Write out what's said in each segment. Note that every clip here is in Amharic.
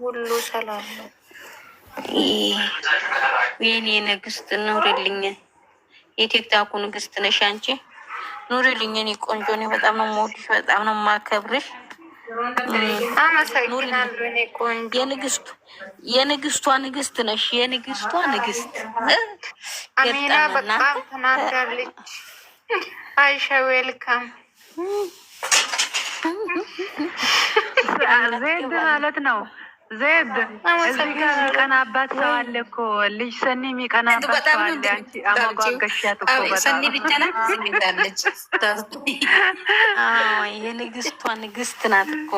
ሁሉ ሰላም ነው። የኔ ንግስት ኑርልኝ። የቲክታኩ ንግስት ነሽ አንቺ። ኑርልኝ፣ እኔ ቆንጆ ነኝ። በጣም ነው የምወድሽ፣ በጣም ነው የማከብርሽ። የንግስቱ የንግስቷ ንግስት ነሽ። የንግስቷ ንግስት አሜና በጣም ተናዳለች። አይሻ ዌልካም ዜድ ማለት ነው። ዜድ እዚህ ጋር ሰው አለ እኮ ልጅ ሰኒ የሚቀናባት ሰው አለ። ሰኒ የንግስቷ ንግስት ናት እኮ።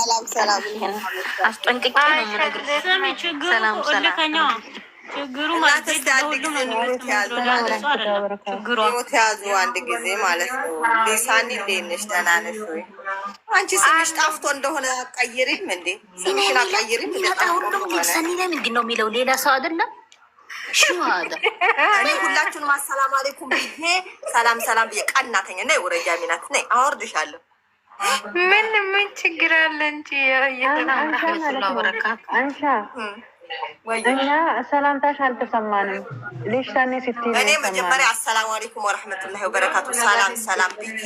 ሰላም ሰላም፣ አስጠንቅቄ ነው የምነግርሽ። ሰላም ችግሩ ማለት ያዙ አንድ ጊዜ ማለት ነው። ሳኒ እንዴት ነሽ? ደህና ነሽ ወይ? አንቺ ስምሽ ጣፍቶ እንደሆነ አትቀይሪም እንዴ? ስምሽን አትቀይሪም እንዴ? ሁሉም ልብስ እኔ ላይ ምንድን ነው የሚለው ሌላ ሰው አይደለም። እኔ ሁላችሁንም አሰላም አለይኩም ብዬ ሰላም ሰላም ብዬ ቀናተኛ ና የወረጃ ሚናት ነ አወርድሻለሁ። ምን ምን ችግር አለ እንጂ አንሻ እኛ ሰላምታሽ አልተሰማንም። ልጅ ታኔ ስትይ እኔ መጀመሪያ አሰላሙ አለይኩም ወረሕመቱላሂ ወበረካቱ ሰላም ሰላም ብዬ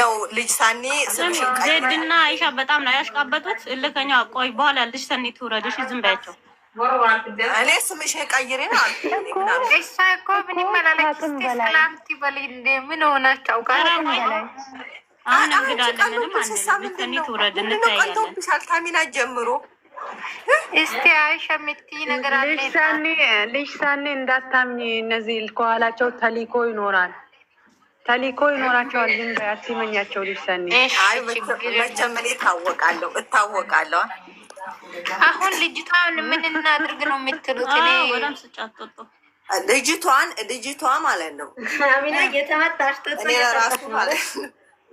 ነው ልጅ ሳኒ ዜድ አይሻ በጣም ነው ያሽቃበጡት። እልከኛ ቆይ በኋላ ልጅ ሰኒ ትውረደሽ ዝም በያቸው። እኔ ስምሽ ቀይሬ እሷ እኮ ምን ይመላለች ስላምቲ በሌለ ምን ሆናቸው ጋር አሁን እንግዳለንም ትውረድ እንታያለን። ታሚና ጀምሮ እስቲ አይሻ የምትይ ነገር አለ ልጅ ሳኒ እንዳታምኝ። እነዚህ ከኋላቸው ተሊኮ ይኖራል ተሊኮ ይኖራቸዋል። ግን አትመኛቸው ሊሰኒ መቸምል እታወቃለሁ እታወቃለሁ። አሁን ልጅቷን ምን እናድርግ ነው የምትሉት? ልጅቷን ልጅቷ ማለት ነው ሚና እየተመጣሽ እኔ ማለት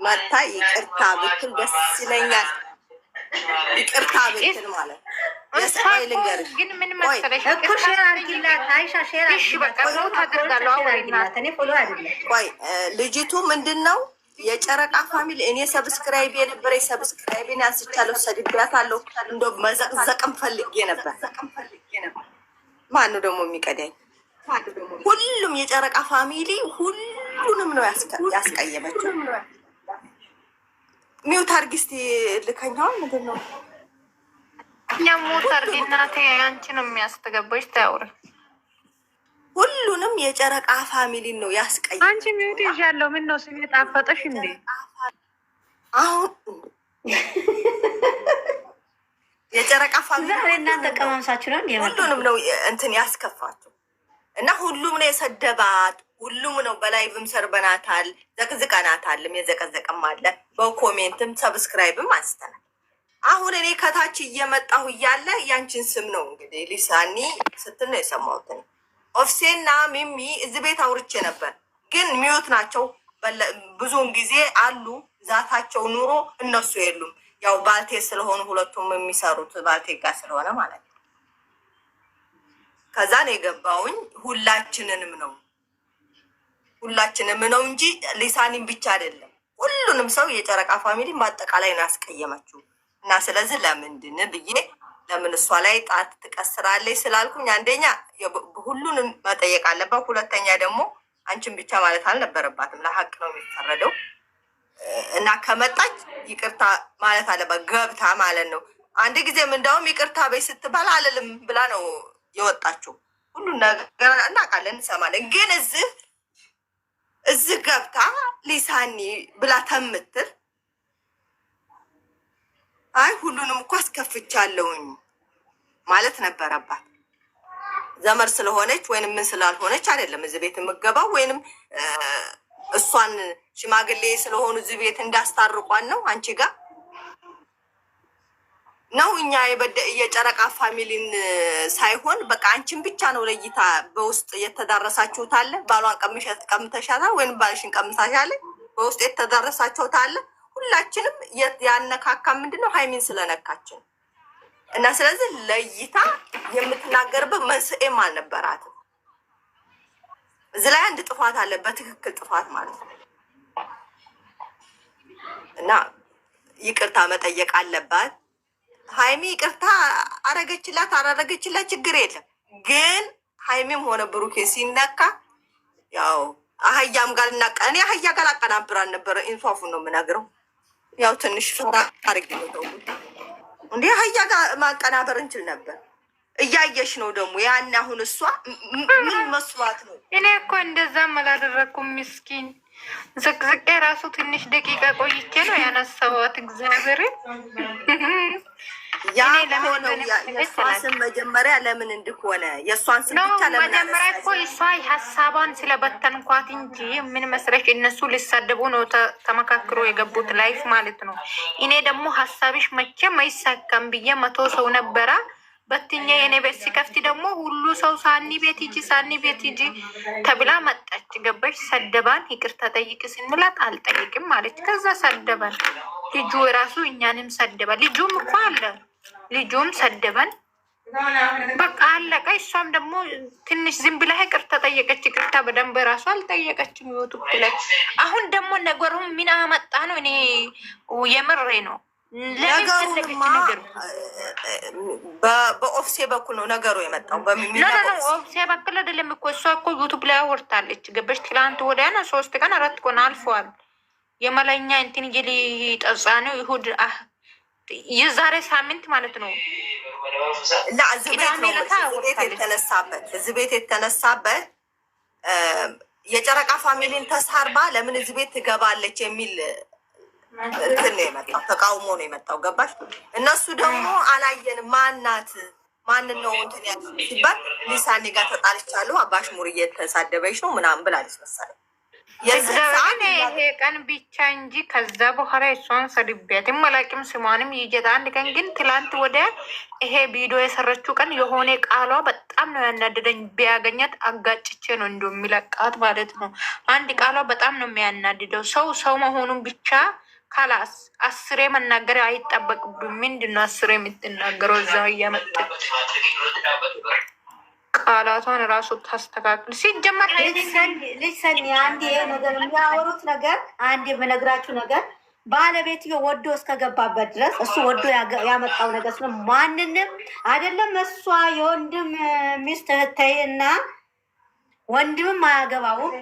መታ ይቅርታ ብትል ደስ ይለኛል። ይቅርታ ብትል ማለት ነው ግን ምን መሰለሽ ልጅቱ ምንድን ነው የጨረቃ ፋሚሊ እኔ ሰብስክራይብ የነበረ ሰብስክራይብን አንስቻለሁ፣ ሰድቤያታለሁ። እንደው መዘቅዘቅም ፈልጌ ነበር። ማነው ደግሞ የሚቀዳኝ? ሁሉም የጨረቃ ፋሚሊ ሁሉንም ነው ያስቀየመችው። ሚውት አድርጊ እስቲ ልከኛውን ምንድን ነው የሞት አድርጊ እናቴ፣ አንቺ ነው የሚያስተገባሽ። ታውሪ ሁሉንም የጨረቃ ፋሚሊን ነው ያስቀይ። አንቺ ሚውት ይዣለሁ። ምን ነው ስሜ ጣፈጠሽ እንዴ? አሁን የጨረቃ ፋሚሊ እናንተ ቀማምሳችሁ ነው እንዴ? ሁሉንም ነው እንትን ያስከፋችሁ እና ሁሉም ነው የሰደባት ሁሉም ነው በላይቭም ሰርበናታል፣ ዘቅዝቀናታልም፣ የዘቀዘቀም አለ በኮሜንትም ሰብስክራይብም አንስተናል። አሁን እኔ ከታች እየመጣሁ እያለ ያንቺን ስም ነው እንግዲህ ሊሳኒ ስትል ነው የሰማሁት። ኦፍሴና ሚሚ እዚህ ቤት አውርቼ ነበር፣ ግን ሚዩት ናቸው። ብዙውን ጊዜ አሉ ዛታቸው ኑሮ እነሱ የሉም። ያው ባልቴ ስለሆኑ ሁለቱም የሚሰሩት ባልቴ ጋር ስለሆነ ማለት ነው። ነው የገባውኝ ሁላችንንም ነው ሁላችንም ነው እንጂ ሊሳኒን ብቻ አይደለም። ሁሉንም ሰው የጨረቃ ፋሚሊ በአጠቃላይ ነው ያስቀየመችው። እና ስለዚህ ለምንድን ብዬ ለምን እሷ ላይ ጣት ትቀስራለች ስላልኩኝ፣ አንደኛ ሁሉንም መጠየቅ አለባት። ሁለተኛ ደግሞ አንቺን ብቻ ማለት አልነበረባትም። ለሀቅ ነው የሚፈረደው እና ከመጣች ይቅርታ ማለት አለባት። ገብታ ማለት ነው። አንድ ጊዜም እንዳውም ይቅርታ በይ ስትባል አልልም ብላ ነው የወጣችው። ሁሉን ነገር እናውቃለን፣ እንሰማለን። ግን እዚህ እዚህ ገብታ ሊሳኒ ብላ ተምትል አይ ሁሉንም እኮ አስከፍቻለሁኝ ማለት ነበረባት። ዘመድ ስለሆነች ወይንም ምን ስላልሆነች አይደለም እዚህ ቤት የምገባው ወይንም እሷን ሽማግሌ ስለሆኑ እዚህ ቤት እንዳስታርቋን ነው አንቺ ጋር ነው እኛ የበደ የጨረቃ ፋሚሊን ሳይሆን በቃ አንቺን ብቻ ነው ለይታ በውስጥ የተዳረሳችሁት አለ። ባሏን ቀምተሻታል ወይም ባልሽን ቀምታሻለ። በውስጥ የተዳረሳችሁት አለ። ሁላችንም ያነካካ ምንድነው ሀይሚን ስለነካችን እና ስለዚህ ለይታ የምትናገርበት መንስኤም አልነበራትም። እዚህ ላይ አንድ ጥፋት አለ፣ በትክክል ጥፋት ማለት ነው እና ይቅርታ መጠየቅ አለባት። ሀይሚ ይቅርታ አረገችላት አላረገችላት ችግር የለም። ግን ሀይሚም ሆነ ብሩኬ ሲነካ ያው አህያም ጋር እናቀ እኔ አህያ ጋር አቀናብራን ነበረ። ኢንፏፉን ነው የምነግረው። ያው ትንሽ ፈራ አድርጌ ነው ተውኩት። እንዴ አህያ ጋር ማቀናበር እንችል ነበር። እያየሽ ነው ደግሞ ያን አሁን እሷ ምን መስሏት ነው? እኔ እኮ እንደዛም አላደረግኩም ምስኪን ዝቅዝቄ ራሱ ትንሽ ደቂቃ ቆይቼ ነው ያነሳሁት። እግዚአብሔር ያ ሆነው መጀመሪያ ለምን እንደሆነ የእሷን ስም ብቻ ለምን መጀመሪያ እኮ እሷ ሀሳቧን ስለበተንኳት እንጂ ምን መስለሽ እነሱ ሊሳደቡ ነው ተመካክሮ የገቡት ላይፍ ማለት ነው። እኔ ደግሞ ሀሳብሽ መቼም አይሳካም ብዬ መቶ ሰው ነበራ በትኛ የኔ ቤት ሲከፍት ደግሞ ሁሉ ሰው ሳኒ ቤት ሂጂ፣ ሳኒ ቤት ሂጂ ተብላ መጣች። ገባች። ሰደባን። ይቅርታ ጠይቅ ስንላት አልጠይቅም ማለች። ከዛ ሰደበን። ልጁ ራሱ እኛንም ሰደበ። ልጁም እኮ አለ። ልጁም ሰደበን። በቃ አለቀ። እሷም ደግሞ ትንሽ ዝም ብላ ይቅርታ ጠየቀች። ይቅርታ በደንብ ራሱ አልጠየቀችም። ዩቱብ ላይ አሁን ደግሞ ነገሩም ምን አመጣ ነው? እኔ የምሬ ነው ነገሩንማ በኦፍሴ በኩል ነው ነገሩ የመጣው። ኦፍሴ በኩል አይደለም እኮ እሷ እኮ ዩቱብ ላይ አወርታለች። ገበች ትላንት ወዲያ ሶስት ቀን አራት ቀን አልፏል። የመለኛ እንትን ጌል ጠጻ ነው ይሁድ የዛሬ ሳምንት ማለት ነው። ቤት የተነሳበት ቤት የተነሳበት የጨረቃ ፋሚሊን ተሳርባ ለምን እዚህ ቤት ትገባለች የሚል እንትን ነው የመጣው፣ ተቃውሞ ነው የመጣው። ገባሽ? እነሱ ደግሞ አላየን ማናት ማንን ነው እንትን ያ ሲባል ሊሳኔ ጋር ተጣልቻለሁ አባሽ ሙር እየተሳደበች ነው ምናምን ብላ አልስመሰለ ይሄ ቀን ብቻ እንጂ ከዛ በኋላ እሷን ሰድቤያትም አላውቅም። ስሟንም ይጀት አንድ ቀን ግን ትላንት ወደ ይሄ ቪዲዮ የሰረችው ቀን የሆነ ቃሏ በጣም ነው ያናደደኝ። ቢያገኛት አጋጭቼ ነው እንደሚለቃት ማለት ነው። አንድ ቃሏ በጣም ነው የሚያናድደው። ሰው ሰው መሆኑን ብቻ ካላስ አስሬ መናገር አይጠበቅብም። ምንድን ነው አስሬ የምትናገረው? እዛ እያመጠ ቃላቷን ራሱ ታስተካክል። ሲጀመር ልጅ አንድ ይሄ ነገር የሚያወሩት ነገር አንድ የምነግራችሁ ነገር ባለቤትዮ ወዶ እስከገባበት ድረስ እሱ ወዶ ያመጣው ነገር ስለ ማንንም አይደለም። እሷ የወንድም ሚስት እህቴ እና ወንድምም አያገባውም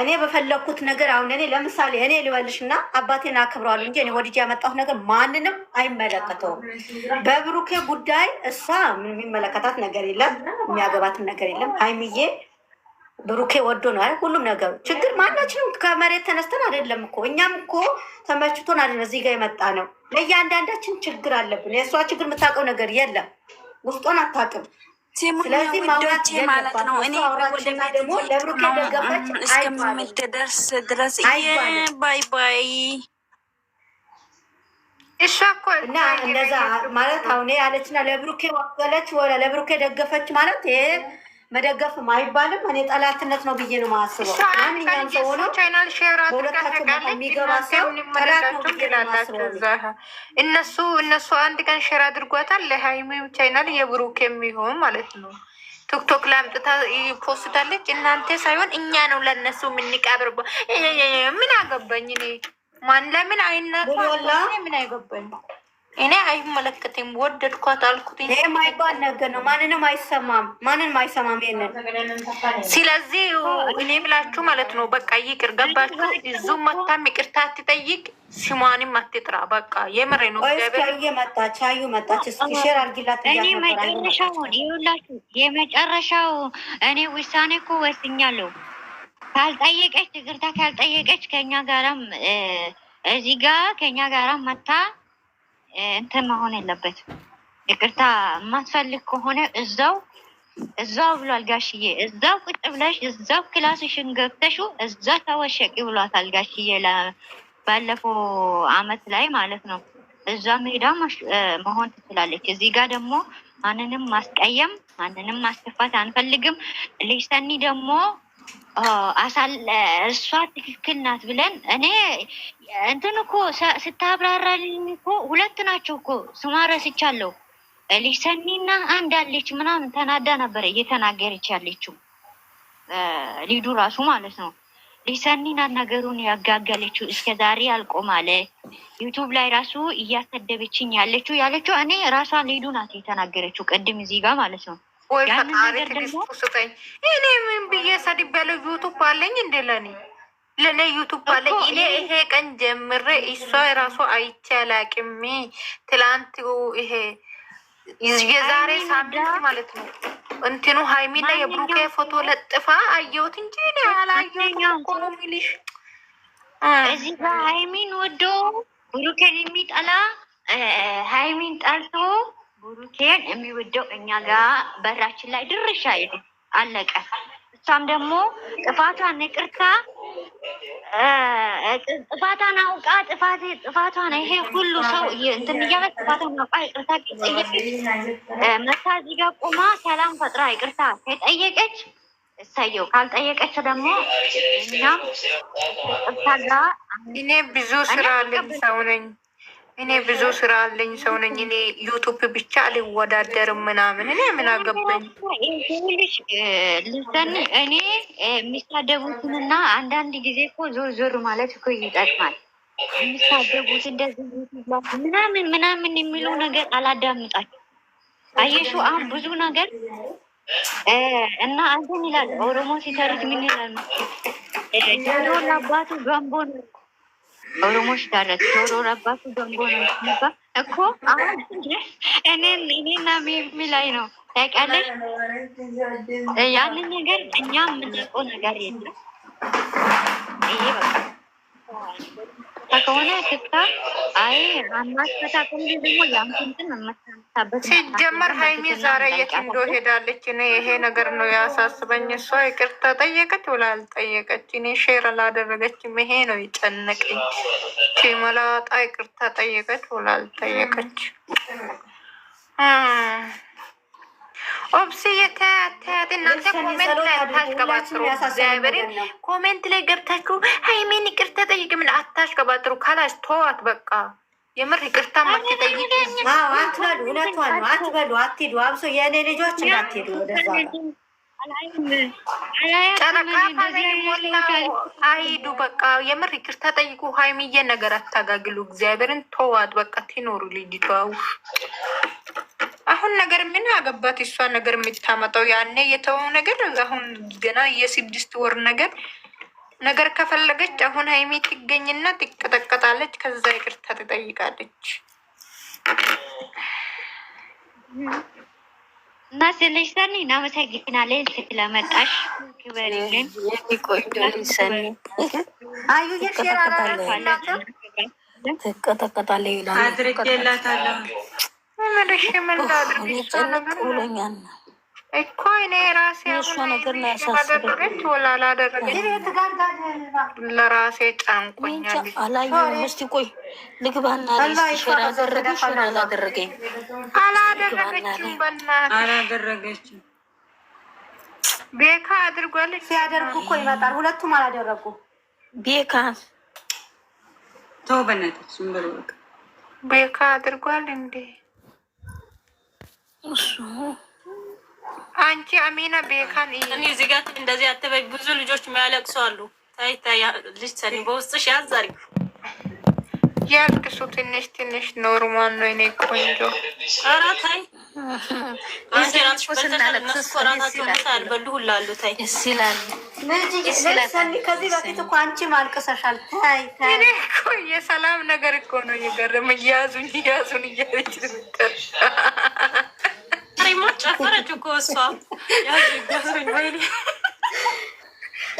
እኔ በፈለግኩት ነገር አሁን እኔ ለምሳሌ እኔ ልበልሽ እና አባቴን አክብረዋለሁ እንጂ እኔ ወድጄ ያመጣሁት ነገር ማንንም አይመለከተውም። በብሩኬ ጉዳይ እሷ የሚመለከታት ነገር የለም፣ የሚያገባትም ነገር የለም። አይምዬ ብሩኬ ወዶ ነው አይደል? ሁሉም ነገሩ ችግር ማናችንም ከመሬት ተነስተን አይደለም እኮ እኛም እኮ ተመችቶን አይደለም እዚህ ጋር የመጣ ነው። ለእያንዳንዳችን ችግር አለብን። የእሷ ችግር የምታውቀው ነገር የለም፣ ውስጧን አታውቅም። ስለዚህ ማውራት ማለት ነው። እኔ ደግሞ ለብሩኬ ደገፈች ደርስ ድረስ ባይ ባይ። እሺ እኮ እና እንደዛ ማለት አሁን ያለችና ለብሩኬ ዋገለች፣ ለብሩኬ ደገፈች ማለት ይሄ መደገፍ አይባልም። እኔ ጠላትነት ነው ብዬ ነው የማስበው። ማንኛውም ሰው ሆኖ በሁለታችን የሚገባ ሰው ጠላት ነው ብዬ እነሱ እነሱ አንድ ቀን ሼር አድርጓታል ለሀይሚ ቻይናል የብሩክ የሚሆን ማለት ነው ቲክቶክ ላይ አምጥታ ፖስታለች። እናንተ ሳይሆን እኛ ነው ለእነሱ የምንቀብርበ ምን አገባኝ እኔ ማን ለምን አይና ምን አይገባኝ እኔ አይመለከትም። ወደድኳት አልኩት። ይሄ ማይባል ነገር ነው። ማንንም አይሰማም፣ ማንንም አይሰማም። ይሄንን ስለዚህ እኔ ብላችሁ ማለት ነው። በቃ ይቅር ገባችሁ። እዙ መታም ይቅርታ አትጠይቅ፣ ስሟንም አትጥራ። በቃ የምር ነው። መጣች አዩ መጣች። ሼር አርጊላት። እኔ መጨረሻውን ይሁላችሁ። የመጨረሻው እኔ ውሳኔ እኮ ወስኛለሁ። ካልጠየቀች ይቅርታ ካልጠየቀች ከኛ ጋራም እዚህ ጋር ከኛ ጋራም መታ እንትን መሆን የለበትም። ይቅርታ የማትፈልግ ከሆነ እዛው እዛው ብሏል ጋሽዬ። እዛው ቁጭ ብለሽ እዛው ክላስሽን ገብተሹ እዛ ተወሸቂ ብሏታል ጋሽዬ። ባለፈው አመት ላይ ማለት ነው። እዛ ሜዳ መሆን ትችላለች። እዚህ ጋር ደግሞ ማንንም ማስቀየም ማንንም ማስከፋት አንፈልግም። ልጅ ሰኒ ደግሞ አሳል እሷ ትክክል ናት ብለን እኔ እንትን እኮ ስታብራራልኝ እኮ ሁለት ናቸው እኮ ስሟ ረስቻለሁ። ልጅ ሰኒና አንድ አለች ምናምን ተናዳ ነበረ እየተናገረች ያለችው ሊዱ ራሱ ማለት ነው። ልጅ ሰኒና ነገሩን ያጋገለችው እስከ ዛሬ አልቆም አለ ዩቱብ ላይ ራሱ እያሰደበችኝ ያለችው ያለችው እኔ ራሷ ሊዱ ናት የተናገረችው ቅድም እዚህ ጋር ማለት ነው። ወይ ፈጣሪ ትግስቱ ስጠኝ። እኔ ምን ብዬ ሰድቤያለሁ? ዩቱብ አለኝ እንደ ለኔ ለእኔ ዩቱብ አለኝ። እኔ ይሄ ቀን ጀምሬ እሷ የራሱ አይቼ አላቅም። ትላንት ይሄ የዛሬ ሳምንት ማለት ነው እንትኑ ሀይሚና የብሩኬ ፎቶ ለጥፋ አየሁት እንጂ እኔ አላየሁትም እኮ እዚህ ጋ ሀይሚን ወዶ ብሩኬን የሚጠላ ሀይሚን ጠልቶ ቡሩኬን የሚወደው እኛ ጋር በራችን ላይ ድርሻ ይሉ አለቀ። እሷም ደግሞ ጥፋቷን ይቅርታ ጥፋቷን አውቃ ጥፋቷን ይሄ ሁሉ ሰው እንትን እያለች ጥፋቷን አውቃ ይቅርታ መታ እዚህ ጋር ቁማ ሰላም ፈጥራ ይቅርታ ከጠየቀች እሰየው፣ ካልጠየቀች ደግሞ እኛም እኔ ብዙ ስራ አለኝ ነኝ እኔ ብዙ ስራ አለኝ ሰው ነኝ እኔ ዩቱብ ብቻ አልወዳደርም ምናምን እኔ ምን አገባኝ ልሽ ልሰን እኔ የሚሳደቡትንና አንዳንድ ጊዜ እኮ ዞር ዞር ማለት እኮ ይጠቅማል የሚሳደቡት እንደዚህ ምናምን ምናምን የሚለው ነገር አላዳምጣቸው አየሹ አሁን ብዙ ነገር እና አንተን ይላል ኦሮሞ ሲሰሩት ምን ይላል ጆሮ ለአባቱ ገንቦ ነው ኦሮሞች ዳረቸው ዶሮ ረባቱ ደንጎ ነው የሚባል እኮ አሁን እኔን እኔና ሜሚ ላይ ነው ታውቂያለሽ። ያንን ነገር እኛ የምናውቀው ነገር የለም። ይሄ በቃ ከሆነ ትፍታ። አይ አማስፈታ ደግሞ ሲጀመር ሀይሚ ዛሬ የት እንዶ ሄዳለች? እኔ ይሄ ነገር ነው ያሳስበኝ። እሷ ይቅርታ ጠየቀች ወላ አልጠየቀች? እኔ ሼር አላደረገችም። ይሄ ነው ይጨነቀኝ። መላጣ ይቅርታ ጠየቀች ወላ አልጠየቀች? ኦብሲ የተያት እናንተ ኮሜንት ላይ አታሽቀባጥሩ። እግዚአብሔርን ኮሜንት ላይ ገብታችሁ ሀይሜን ይቅርታ ጠይቅ ምን አታሽቀባጥሩ። ካላሽ ተዋት በቃ የምር ይቅርታ ማትጠይቅ አትበሉ። እውነቷን ነው። አትበሉ፣ አትሄዱ። አብሶ የእኔ ልጆች እንዳትሄዱ ወደዛ አይዱ በቃ የምር ይቅርታ ጠይቁ። ሀይሚዬ ነገር አታጋግሉ። እግዚአብሔርን ተዋት በቃ ትኖሩ ልጅቷ አሁን ነገር ምን አገባት? እሷ ነገር የምታመጣው ያኔ የተወው ነገር አሁን ገና የስድስት ወር ነገር ነገር ከፈለገች አሁን ሀይሜ ትገኝና ትቀጠቀጣለች። ከዛ ይቅርታ ትጠይቃለች። እና ስለሽ ሰኒ እናመሰግናለን ስለመጣሽ። ክበሪልን አዩ ተቀጠቀጣለ ይላል አድርጌላታለሁ ምልሽ ምላድርግሎኛል እኮ እኔ ራሴ ነገር ወላ አላደረገች ለራሴ ጫንቆኛል። አላደረገችም። ቤካ አድርጓለች። ሲያደርጉ እኮ ይመጣል። ሁለቱም አላደረጉ። ቤካ ተው፣ በእናትሽ ቤካ አድርጓል እንዴ እሱ አንቺ አሚና ቤካን እኔ እዚህ ጋር እንደዚህ አትበይ። ብዙ ልጆች የሚያለቅሱ አሉ። ታይ ታይ ልጅ ሰኒ በውስጥሽ ያዛሪ ያልቅሱ ትንሽ ትንሽ ኖርማል ነው። እኔ ቆንጆ ኧረ ታይ የሰላም ነገር እኮ ነው እየገረመኝ እያዙን እያዙን እያለች ወይሞ ጨፈረች እኮ እሷ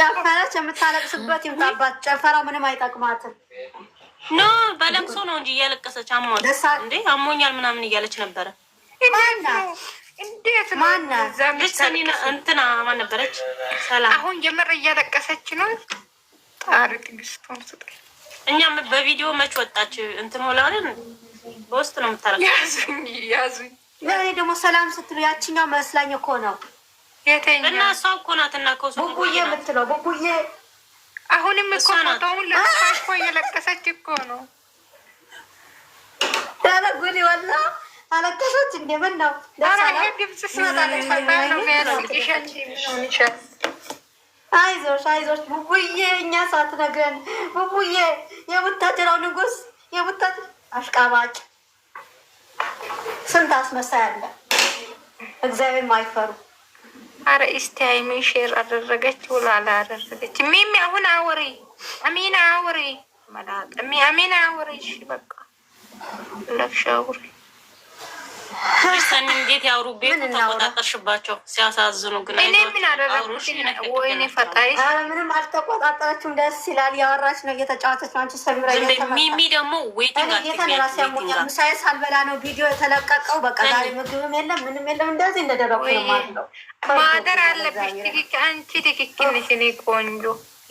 ጨፈረች። የምታለቅስበት ይምታባት። ጨፈራው ምንም አይጠቅማትም። ኖ በለቅሶ ነው እንጂ እያለቀሰች አሞኝ እንዴ አሞኛል ምናምን እያለች ነበረ። እንዴት ማናልጅ እንትና ማን ነበረች? ሰላም አሁን ጀምር እያለቀሰች ነው። ጣሪ ትግስቱን ስጠ። እኛም በቪዲዮ መች ወጣች እንትን ሆላለን። በውስጥ ነው የምታለቅሰው። ያዙኝ ያዙኝ እኔ ደግሞ ሰላም ስትሉ ያችኛው መስላኝ እኮ ነው እና እሷ እኮ ናት እና ቡቡዬ የምትለው ቡቡዬ አሁንም እኮ እኮ እየለቀሰች እኮ ነው። ኧረ ወላ አለቀሰች። ነው አይዞሽ አይዞሽ ቡቡዬ፣ እኛ ሳትነግረን ቡቡዬ፣ ንጉስ፣ የቡታ አሽቃባጭ ስንት አስመሳይ አለ። እግዚአብሔር ማይፈሩ አረ እስቲ ሀይሚ ሼር አደረገች ውላላ አደረገች። ሚሚ አሁን አውሪ አሚና አውሪ አሚና አውሪ። እሺ በቃ ለፍሻ አውሪ ሰን እንዴት ያውሩ ቤቱ ተቆጣጠርሽባቸው። ሲያሳዝኑ ግን እኔ ምን አደረግኩሽ? ወይኔ ፈጣሪ ምንም አልተቆጣጠረችም። ደስ ይላል። ያወራች ነው እየተጫወተች ነው። አንቺ ሰሚራ ሚሚ ደግሞ ራሴ ያሞኛል። ምሳዬ ሳልበላ ነው ቪዲዮ የተለቀቀው። በቃ ዛሬ ምግብም የለም ምንም የለም። እንደዚህ እንደደረኩ ነው። ማለት ነው። ማደር አለብሽ። ትክክ አንቺ ትክክል ነሽ። እኔ ቆንጆ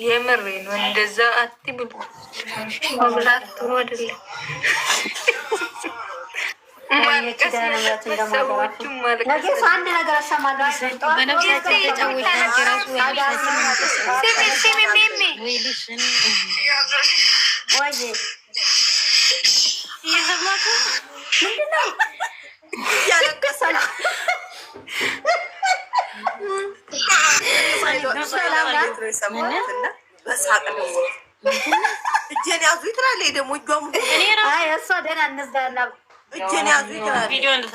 የምሬ ነው። እንደዛ አትብሉ። መብላት ጥሩ እጄን ያዙ ይትላል ደግሞ እጇ እሷ ደህና እንዝዳላ እጄን ያዙ እናንተ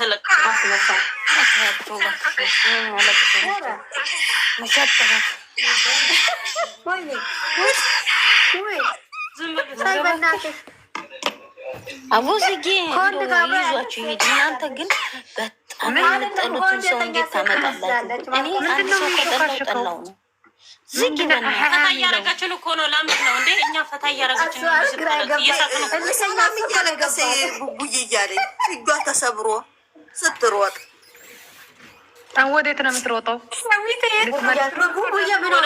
ግን በጣም የምጠሉትን ሰው እንዴት ታመጣላችሁ? እኔ አንድ ሰው ከጠላው ጠላው ነው። ዝግ ፈታ እያረጋችን እኮ ነው። ለምንድን ነው እንዴ? እኛ ፈታ እያረጋችን እያለቀሰ እያለ እጇ ተሰብሮ ስትሮጥ ወዴት ነው የምትሮጠው? ቡቡዬ ምን ሆነ?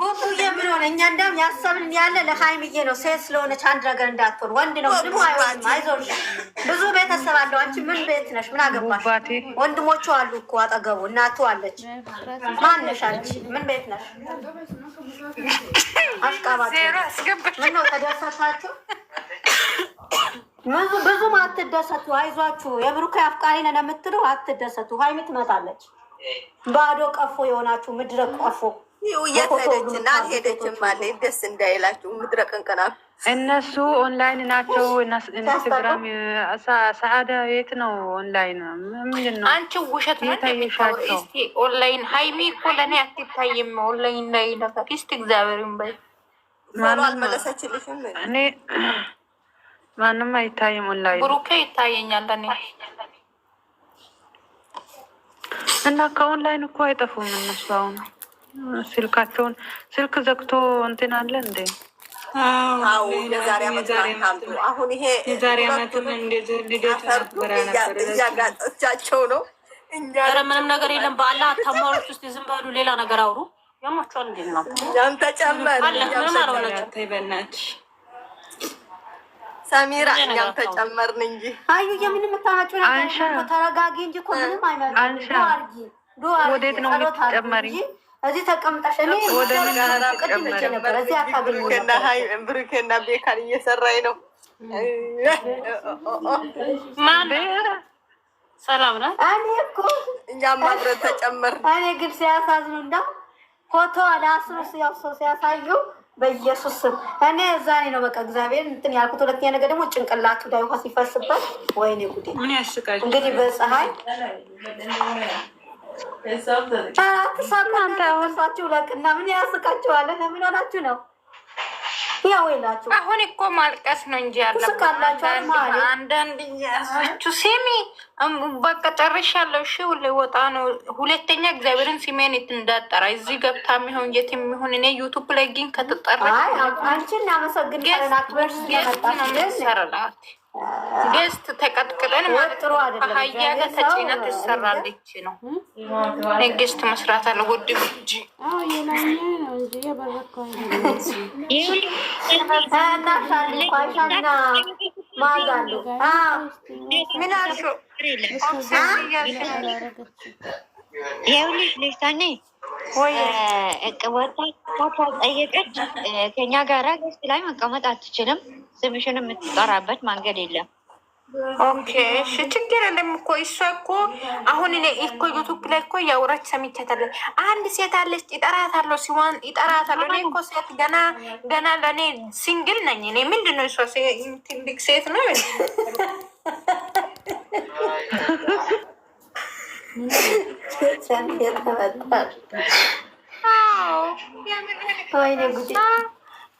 ጉጉ የምን ሆነ? እኛ ያሰብን ያለ ለሀይምዬ ነው። ሴት ስለሆነች አንድ ነገር እንዳትሆን ወንድ ነው አይሆንም። አይዞሽ ብዙ ቤተሰብ አለው። አንቺ ምን ቤት ነሽ? ምን አገባሽ? ወንድሞቹ አሉ እኮ አጠገቡ፣ እናቱ አለች። አንቺ? ምን ቤት ነሽ? ነው ተደሰታችሁ? ብዙም አትደሰቱ፣ አይዟችሁ። የብሩክ አፍቃሪ ነን የምትለው አትደሰቱ። ሀይሚ ትመጣለች። ባዶ ቀፎ የሆናችሁ ምድረ ቀፎ የት ሄደች? እና አልሄደችም አለ። ደስ እንዳይላችሁ ምድረ ቀንቀና እነሱ ኦንላይን ናቸው። ኢንስትግራም ሰአዳ የት ነው? ኦንላይን ምንድን ነው? አንቺ ውሸት ነታየሻቸው። ኦንላይን ሀይሚ እኮ ለእኔ አትታይም። ኦንላይን ላይ ነበር እስቲ እግዚአብሔርን በይ። እኔ ማንም አይታይም ኦንላይን። ብሩኬ ይታየኛል ለእኔ እና ከኦንላይን እኮ አይጠፉም እነሱ አሁን ስልካቸውን ስልክ ዘግቶ እንትን አለ እንዴ? አሁን እያጋጠቻቸው ነው። ኧረ ምንም ነገር የለም። በአላ አታማሮች ውስጥ ዝም በሉ፣ ሌላ ነገር አውሩ። ያሟቸዋል እንዴት ነው? እኛም ተጨመርን ሰሚራ፣ እኛም ተጨመርን እንጂ አዩዬ፣ ምን የምታመጪው ነገር ተረጋጊ እንጂ እኮ ምንም አይመጣም። ወዴት ነው የምትጨመሪ? እዚህ ተቀምጣሽ እኔ ቅድም መቼ ነበር እዚህ አታገኙ ብሩኬና ቤካን እየሰራኝ ነው። ማን ሰላም ናት? እኔ እኮ እኛ አብረን ተጨመር። እኔ ግን ሲያሳዝኑ እንዳ ፎቶ ለአስሩ ያው ሲያሳዩ በኢየሱስ እኔ እዛ ነው በቃ እግዚአብሔር እንትን ያልኩት። ሁለተኛ ነገር ደግሞ ጭንቅላቱ ላይ ውሃ ሲፈስበት ወይኔ ጉዴ! እንግዲህ በፀሐይ ሳሳቸው ለቅና ምን ያስቃቸዋል? ምን ሆናችሁ ነው? ያው ይላችሁ አሁን እኮ ማልቀስ ነው እንጂ ያለአንዳንድ ሲሚ በቃ ጨርሻለሁ። እሺ ልወጣ ነው። ሁለተኛ እግዚአብሔርን ሲሜን እንዳጠራ እዚህ ገብታ የሚሆን የት የሚሆን እኔ ዩቱብ ላይ ግን ከተጠራ አንቺ እናመሰግን ነው ሰረላት ጌስት ተቀጥቅጠን ጥሩ አህያ ጋር ተጭና ትሰራለች ነው። ንግስት መስራት አለ ጉድ እንጂ ይኸውልሽ ልጅታኔ ወታ ጠየቀች። ከኛ ጋራ ገስት ላይ መቀመጥ አትችልም። ስምሽን የምትጠራበት መንገድ የለም። ኦኬ እሺ፣ ችግር የለም እኮ እሷ እኮ አሁን እኔ እኮ ዩቱብ ላይ እኮ ያውራች ሰሚቻታለ። አንድ ሴት አለች ይጠራታለሁ፣ ሲሆን ይጠራታለሁ። እኔ እኮ ሴት ገና ገና ለእኔ ሲንግል ነኝ። እኔ ምንድን ነው እሷ ትልቅ ሴት ነው ወይ?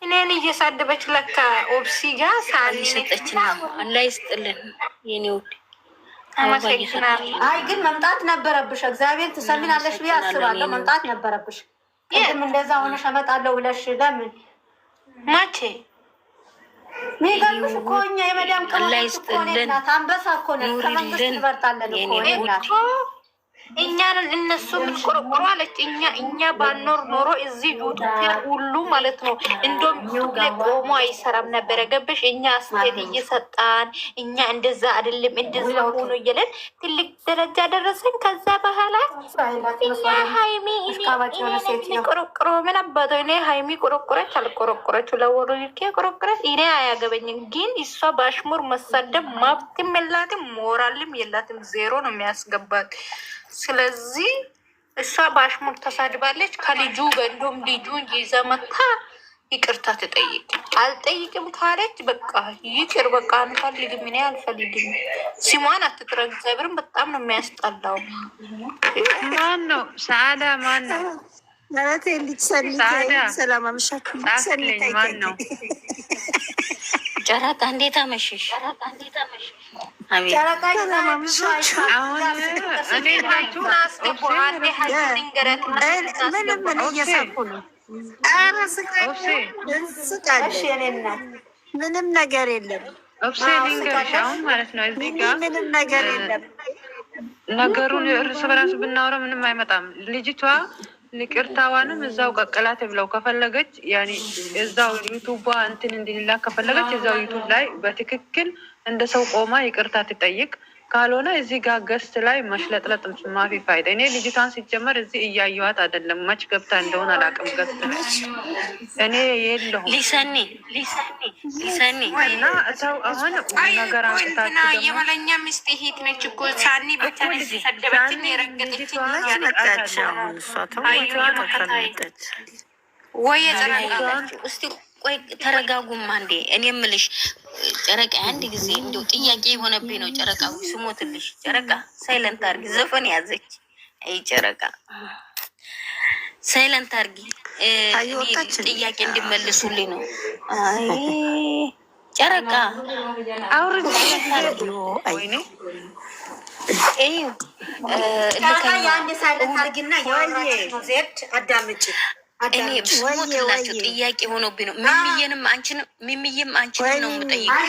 እኔን እየሳደበች ለካ ኦብሲ ጋ ሳሰጠችና ላይ ስጥልን የኔ ውድ አይ ግን መምጣት ነበረብሽ። እግዚአብሔር ትሰሚናለሽ ብዬ አስባለሁ። መምጣት ነበረብሽ። ቅድም እንደዛ ሆነሽ እመጣለሁ ብለሽ ለምን መቼ ሚገርምሽ እኮ እኛ የመዳም ቅመም እኮ እኔ እናት አንበሳ እኮ ነን። ከመንግስት ትበልጣለን እኮ እኔ እናት እኛንን እነሱ የምንቆረቆሩ አለች። እኛ እኛ ባኖር ኖሮ እዚህ ዩቱበር ሁሉ ማለት ነው እንደም ዩቱብ ላይ ቆሞ አይሰራም ነበረ። ገበሽ እኛ ስቴት እየሰጣን እኛ እንደዛ አይደለም እንደዛ ሆኖ እየለን ትልቅ ደረጃ ደረሰን። ከዛ በኋላ እኛ ሀይሚ ቆረቆሮ ምን አባቶ እኔ ሀይሚ ቆረቆረች አልቆረቆረች ለወሩ ይርኬ ቆረቆረች እኔ አያገበኝም። ግን እሷ በአሽሙር መሳደብ መብትም የላትም ሞራልም የላትም። ዜሮ ነው የሚያስገባት ስለዚህ እሷ በአሽሙር ተሳድባለች። ከልጁ በእንዶም ልጁ ይዘመታ ይቅርታ ትጠይቅ አልጠይቅም ካለች በቃ ይቅር በቃ አንፈልግም፣ እኔ አልፈልግም። ሲሟን አትጥረ እግዚአብሔርን በጣም ነው የሚያስጠላው። ማን ነው ሰአዳ? ማን ነው ማለት ልጅ ሰላም አመሻት ማን ነው ጨረቃ? እንዴት አመሽሽ? ምንም ነገር የለም። ምንም ነገር የለም። ነገሩን እርስ በራሱ ብናወራ ምንም አይመጣም። ልጅቷ ይቅርታዋንም እዛው ቀቅላት ብለው ከፈለገች ያኔ እዛው ዩቱቧ እንትን እንዲልላት ከፈለገች እዛው ዩቱብ ላይ በትክክል እንደ ሰው ቆማ ይቅርታ ትጠይቅ። ካልሆነ እዚህ ጋር ገስት ላይ መሽለጥለጥ ማፊ ፋይዳ። እኔ ልጅቷን ሲጀመር እዚህ እያየዋት አይደለም፣ መች ገብታ እንደሆነ አላውቅም። ገስት እኔ የለሁም። ሊሰኒ ሊሰኒ እና ሚስት ሄት ነች እኮ ሳኒ ወይ ቆይ ተረጋጉማ እንዴ እኔ የምልሽ ጨረቃ አንድ ጊዜ እንዲያው ጥያቄ የሆነብኝ ነው ጨረቃ ስሞትልሽ ጨረቃ ሳይለንት አርጊ ዘፈን ያዘች አይ ጨረቃ ሳይለንት አርጊ ጥያቄ እንዲመልሱልኝ ነው አይ ጨረቃ አርጊና ልከኛ ዜድ አዳምጭ እኔ ስሞትላችሁ ጥያቄ ሆኖብኝ ነው። ሚሚዬንም አንቺንም ሚሚዬም አንቺንም ነው የምጠይቀው።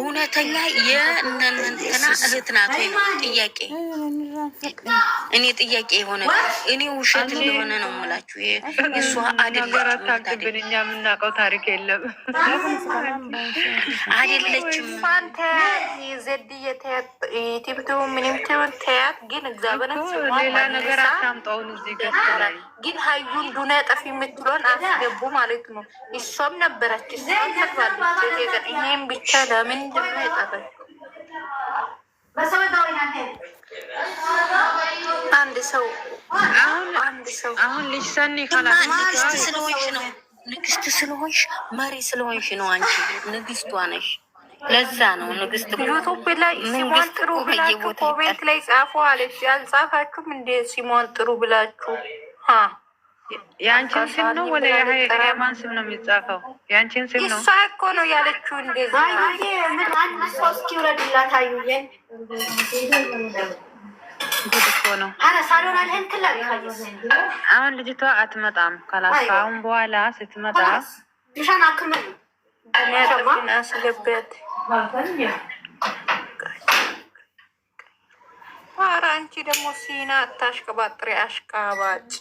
እውነተኛ የእነ እንትና እህት ናት ነው ጥያቄ እኔ ጥያቄ የሆነ እኔ ውሸት እንደሆነ ነው ሞላችሁ እሷ አደለች እኛ የምናውቀው ታሪክ የለም አደለችም። ዘድ የቲብቱ ምንም ትብል ተያት። ግን እግዚአብሔርን ሌላ ነገር አታምጣውን። እዚህ ግን ሀዩን ዱና ጠፊ የምትለን አስገቡ ማለት ነው። እሷም ነበረች እሷም ተባለች። ይህም ብቻ ለምንድነው የጠረች አንድ ሰው አሁን ልጅ ሰኒ ንግስት ስለሆንሽ ነው ንግስት ስለሆንሽ መሪ ስለሆንሽ ነው። አንቺ ንግስቷ ነሽ። ለዛ ነው ንግስት ዩቱብ ላይ ሲሞን ጥሩ ብላችሁ ኮሜንት ላይ ጻፉ አለች። ያልጻፋችሁም እንደ ሲሞን ጥሩ ብላችሁ የአንቺን ስም ነው ወደ የማን ስም ነው የሚጻፈው? የአንቺን ስም ነው። እሷ እኮ ነው ያለችው። እንደዚህ ምን አንድ ሰው እስኪውረድላት አዩየን አሁን ልጅቷ አትመጣም። ከላስ አሁን በኋላ ስትመጣ ስልበት ኧረ አንቺ ደግሞ ሲና አታሽቀባጥሪ አሽቃባጭ